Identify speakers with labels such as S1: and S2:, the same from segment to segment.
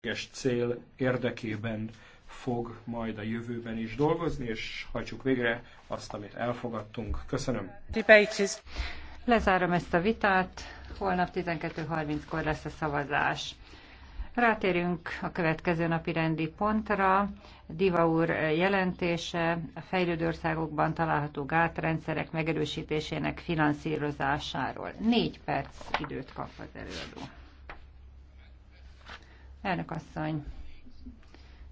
S1: egységes cél érdekében fog majd a jövőben is dolgozni, és hajtsuk végre azt, amit elfogadtunk. Köszönöm.
S2: Lezárom ezt a vitát. Holnap 12.30-kor lesz a szavazás. Rátérünk a következő napi rendi pontra. Diva úr jelentése a fejlődő országokban található gátrendszerek megerősítésének finanszírozásáról. Négy perc időt kap az előadó. Elnök asszony,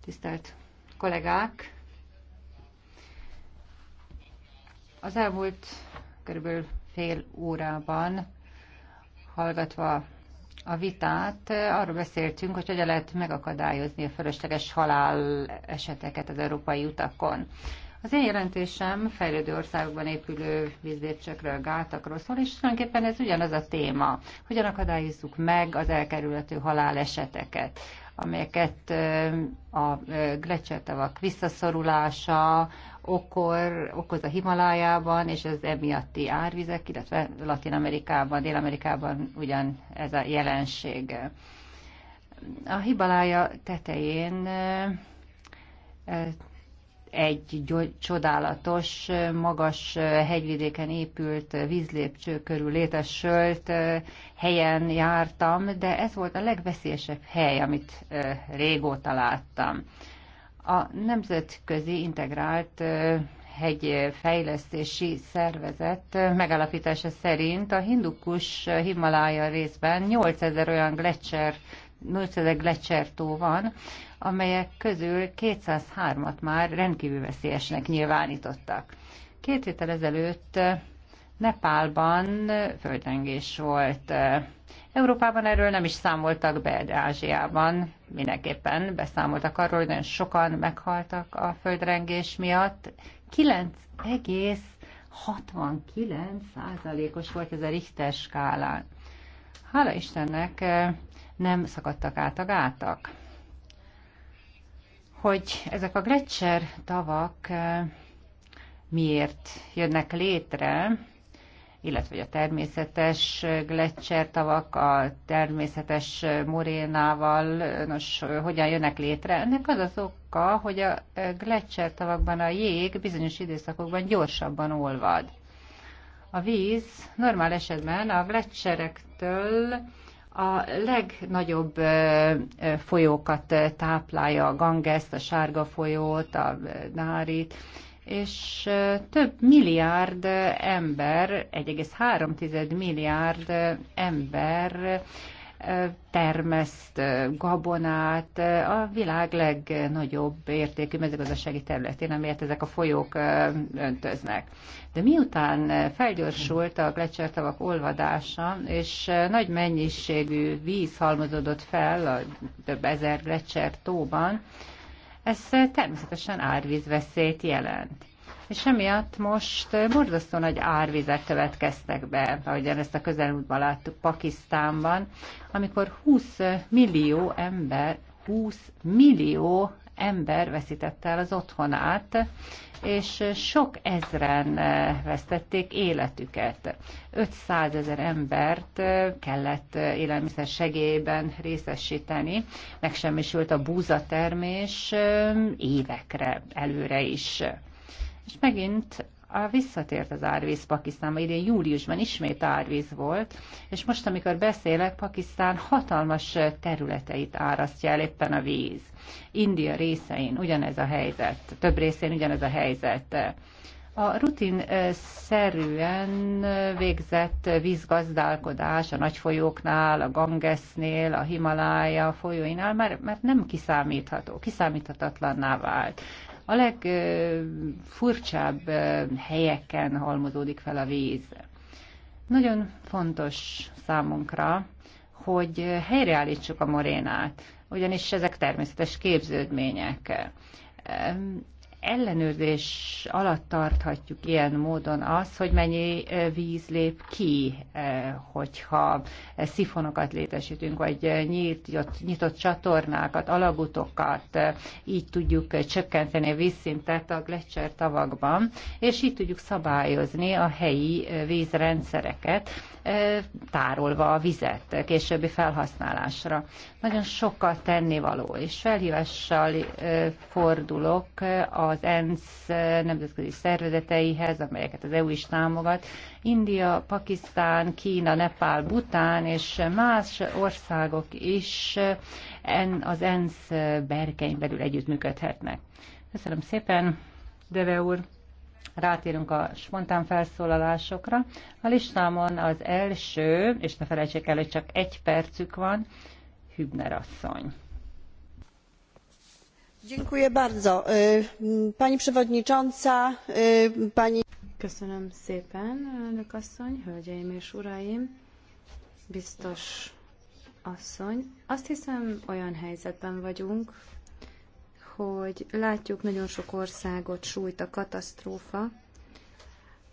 S2: tisztelt kollégák! Az elmúlt körülbelül fél órában hallgatva a vitát, arról beszéltünk, hogy hogyan lehet megakadályozni a fölösleges halál eseteket az európai utakon. Az én jelentésem fejlődő országokban épülő vízlépcsökről, gátakról szól, és tulajdonképpen ez ugyanaz a téma. Hogyan akadályozzuk meg az elkerülhető haláleseteket? amelyeket a glecsertavak visszaszorulása okor, okoz a Himalájában, és az emiatti árvizek, illetve Latin Amerikában, Dél-Amerikában ugyan ez a jelenség. A Himalája tetején egy csodálatos, magas hegyvidéken épült vízlépcső körül létesült helyen jártam, de ez volt a legveszélyesebb hely, amit régóta láttam. A Nemzetközi Integrált hegyfejlesztési szervezet megállapítása szerint a hindukus Himalája részben 8000 olyan gletszer 80 glecsertó van, amelyek közül 203-at már rendkívül veszélyesnek nyilvánítottak. Két héttel ezelőtt eh, Nepálban eh, földrengés volt. Eh. Európában erről nem is számoltak be, de Ázsiában mindenképpen beszámoltak arról, hogy nagyon sokan meghaltak a földrengés miatt. 9,69 százalékos volt ez a Richter skálán. Hála Istennek nem szakadtak át a gátak. Hogy ezek a gletszer tavak eh, miért jönnek létre, illetve a természetes tavak a természetes morénával, nos, hogyan jönnek létre. Ennek az az oka, hogy a tavakban a jég bizonyos időszakokban gyorsabban olvad. A víz normál esetben a gletszerektől a legnagyobb folyókat táplálja, a Gangeszt, a Sárga folyót, a Nárit, és több milliárd ember, 1,3 milliárd ember termeszt gabonát a világ legnagyobb értékű mezőgazdasági területén, amiért ezek a folyók öntöznek. De miután felgyorsult a gletszertavak olvadása, és nagy mennyiségű víz halmozódott fel a több ezer gletsertóban, tóban, ez természetesen árvízveszélyt jelent és emiatt most borzasztó nagy árvizek következtek be, ahogyan ezt a közelútban láttuk Pakisztánban, amikor 20 millió ember, 20 millió ember veszítette el az otthonát, és sok ezren eh, vesztették életüket. 500 ezer embert eh, kellett eh, élelmiszer segélyben részesíteni, megsemmisült a búzatermés évekre előre is. És megint a visszatért az árvíz Pakisztánba, idén júliusban ismét árvíz volt, és most, amikor beszélek, Pakisztán hatalmas területeit árasztja el éppen a víz. India részein ugyanez a helyzet, több részén ugyanez a helyzet. A rutin szerűen végzett vízgazdálkodás a nagy folyóknál, a Gangesnél, a Himalája folyóinál már, már nem kiszámítható, kiszámíthatatlanná vált. A legfurcsább helyeken halmozódik fel a víz. Nagyon fontos számunkra, hogy helyreállítsuk a morénát, ugyanis ezek természetes képződmények ellenőrzés alatt tarthatjuk ilyen módon az, hogy mennyi víz lép ki, hogyha szifonokat létesítünk, vagy nyitott, nyitott csatornákat, alagutokat, így tudjuk csökkenteni a vízszintet a Gletscher tavakban, és így tudjuk szabályozni a helyi vízrendszereket, tárolva a vizet későbbi felhasználásra. Nagyon sokkal tennivaló, és felhívással fordulok a az ENSZ nemzetközi szervezeteihez, amelyeket az EU is támogat. India, Pakisztán, Kína, Nepál, Bután és más országok is az ENSZ berkein belül együttműködhetnek. Köszönöm szépen, Deve úr! Rátérünk a spontán felszólalásokra. A listámon az első, és ne felejtsék el, hogy csak egy percük van, Hübner asszony pani przewodnicząca pani köszönöm szépen elnök asszony hölgyeim és uraim biztos asszony azt hiszem olyan helyzetben vagyunk hogy látjuk nagyon sok országot sújt a katasztrófa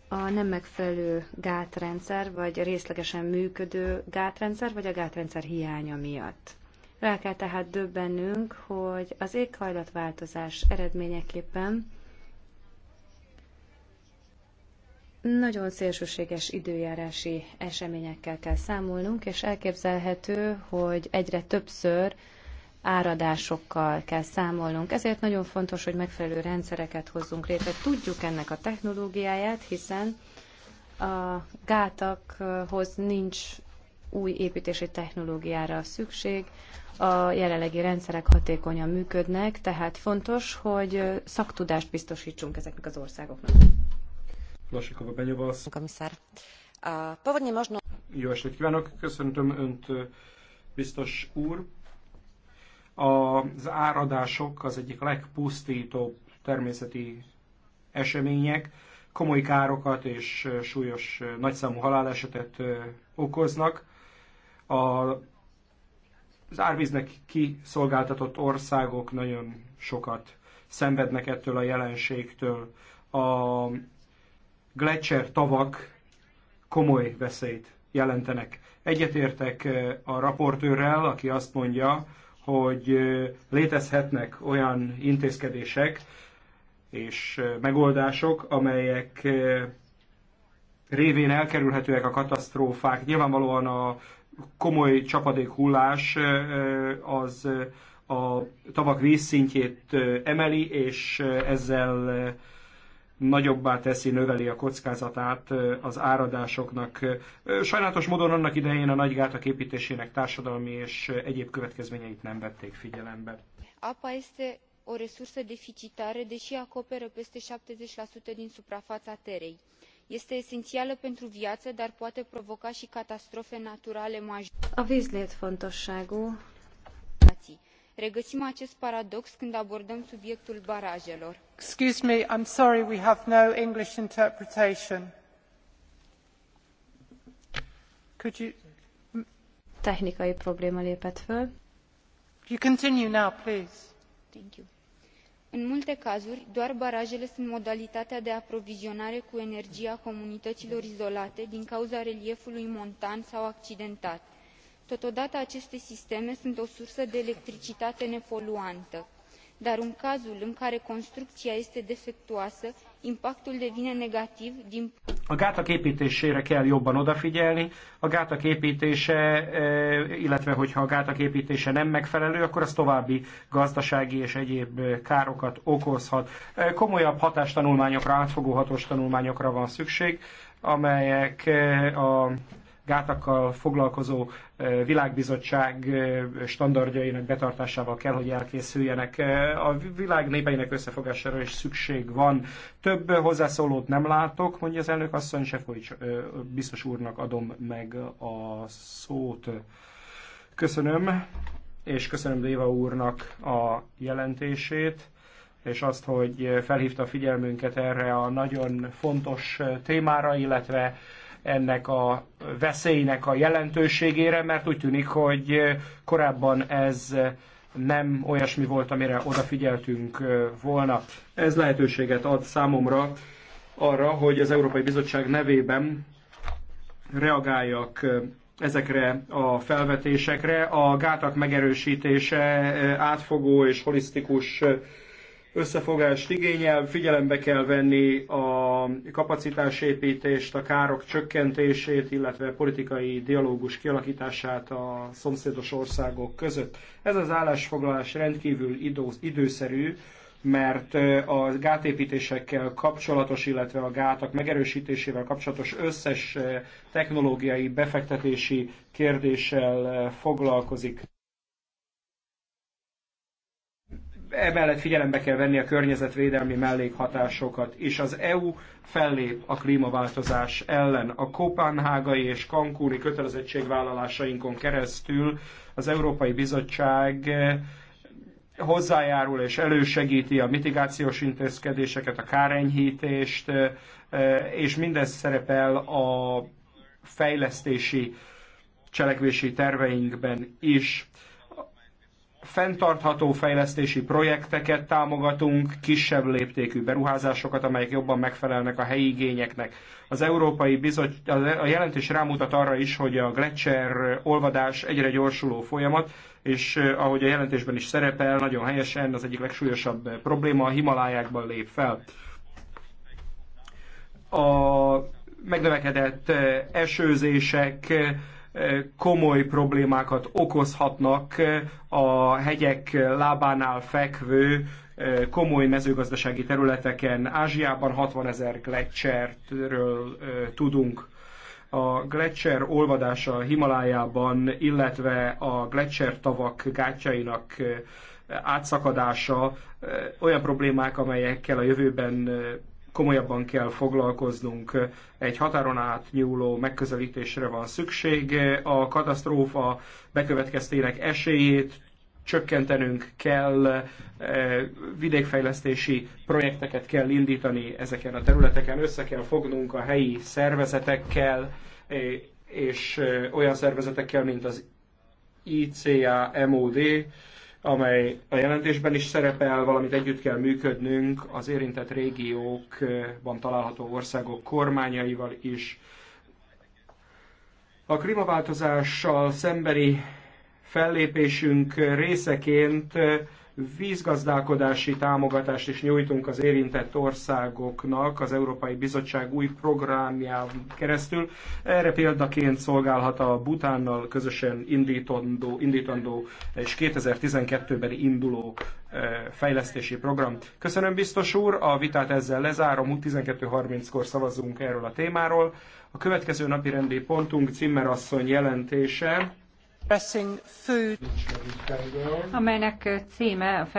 S2: a nem megfelelő gátrendszer vagy részlegesen működő gátrendszer vagy a gátrendszer hiánya miatt rá kell tehát döbbennünk, hogy az éghajlatváltozás eredményeképpen nagyon szélsőséges időjárási eseményekkel kell számolnunk, és elképzelhető, hogy egyre többször áradásokkal kell számolnunk. Ezért nagyon fontos, hogy megfelelő rendszereket hozzunk létre. Tudjuk ennek a technológiáját, hiszen a gátakhoz nincs új építési technológiára szükség, a jelenlegi rendszerek hatékonyan működnek, tehát fontos, hogy szaktudást biztosítsunk ezeknek az országoknak.
S1: Lasikova Benyovasz. Komisszár. Povodnyi možno... Jó estét kívánok, köszöntöm Önt, biztos úr. Az áradások az egyik legpusztítóbb természeti események, komoly károkat és súlyos nagyszámú halálesetet okoznak a, az árvíznek kiszolgáltatott országok nagyon sokat szenvednek ettől a jelenségtől. A gletszer tavak komoly veszélyt jelentenek. Egyetértek a raportőrrel, aki azt mondja, hogy létezhetnek olyan intézkedések és megoldások, amelyek révén elkerülhetőek a katasztrófák. Nyilvánvalóan a komoly csapadékhullás az a tavak vízszintjét emeli, és ezzel nagyobbá teszi, növeli a kockázatát az áradásoknak. Sajnálatos módon annak idején a nagygátak építésének társadalmi és egyéb következményeit nem vették figyelembe.
S2: Apa este o resursă deficitară, deși acoperă peste 70% din suprafața terei este esenială pentru viaă dar poate provoca i catastrofe naturale majore. a regăsim acest paradox când abordăm subiectul barajelor. excuse me i'm sorry we have no english interpretation. could you technikai probléma lépett föl. you continue now please. thank you în multe cazuri doar barajele sunt modalitatea de aprovizionare cu energie a comunităților izolate din cauza reliefului montan sau accidentat. totodată aceste sisteme sunt o sursă de electricitate nepoluantă dar în cazul în care construcția este defectuoasă impactul devine negativ din...
S1: A gátak építésére kell jobban odafigyelni. A gátak építése, e, illetve hogyha a gátak építése nem megfelelő, akkor az további gazdasági és egyéb károkat okozhat. E, komolyabb hatástanulmányokra, átfogó hatós tanulmányokra van szükség, amelyek e, a gátakkal foglalkozó eh, világbizottság eh, standardjainak betartásával kell, hogy elkészüljenek. Eh, a világ népeinek összefogására is szükség van. Több hozzászólót nem látok, mondja az elnök asszony, hogy biztos úrnak adom meg a szót. Köszönöm, és köszönöm Déva úrnak a jelentését és azt, hogy felhívta a figyelmünket erre a nagyon fontos témára, illetve ennek a veszélynek a jelentőségére, mert úgy tűnik, hogy korábban ez nem olyasmi volt, amire odafigyeltünk volna. Ez lehetőséget ad számomra arra, hogy az Európai Bizottság nevében reagáljak ezekre a felvetésekre. A gátak megerősítése átfogó és holisztikus összefogást igényel, figyelembe kell venni a kapacitásépítést, a károk csökkentését, illetve politikai dialógus kialakítását a szomszédos országok között. Ez az állásfoglalás rendkívül időszerű, mert a gátépítésekkel kapcsolatos, illetve a gátak megerősítésével kapcsolatos összes technológiai befektetési kérdéssel foglalkozik. emellett figyelembe kell venni a környezetvédelmi mellékhatásokat, és az EU fellép a klímaváltozás ellen. A kopenhágai és kankúni kötelezettségvállalásainkon keresztül az Európai Bizottság eh, hozzájárul és elősegíti a mitigációs intézkedéseket, a kárenyhítést, eh, eh, és mindez szerepel a fejlesztési cselekvési terveinkben is fenntartható fejlesztési projekteket támogatunk, kisebb léptékű beruházásokat, amelyek jobban megfelelnek a helyi igényeknek. Az Európai Bizottság, a jelentés rámutat arra is, hogy a Gletscher olvadás egyre gyorsuló folyamat, és ahogy a jelentésben is szerepel, nagyon helyesen az egyik legsúlyosabb probléma a Himalájákban lép fel. A megnövekedett esőzések komoly problémákat okozhatnak a hegyek lábánál fekvő e, komoly mezőgazdasági területeken. Ázsiában 60 ezer gletszerről e, tudunk a gletszer olvadása Himalájában, illetve a gletszer tavak gátjainak e, átszakadása olyan problémák, amelyekkel a jövőben komolyabban kell foglalkoznunk. Egy határon átnyúló megközelítésre van szükség. A katasztrófa bekövetkeztének esélyét csökkentenünk kell, vidékfejlesztési projekteket kell indítani ezeken a területeken, össze kell fognunk a helyi szervezetekkel, és olyan szervezetekkel, mint az ICA, MOD, amely a jelentésben is szerepel, valamit együtt kell működnünk az érintett régiókban található országok kormányaival is. A klímaváltozással szembeni fellépésünk részeként vízgazdálkodási támogatást is nyújtunk az érintett országoknak az Európai Bizottság új programján keresztül. Erre példaként szolgálhat a Butánnal közösen indítandó, indítandó és 2012-ben induló eh, fejlesztési program. Köszönöm biztos úr, a vitát ezzel lezárom, 12.30-kor szavazunk erről a témáról. A következő napi rendi pontunk Cimmerasszony jelentése amelynek címe a fejlesztés segtségnyújtás.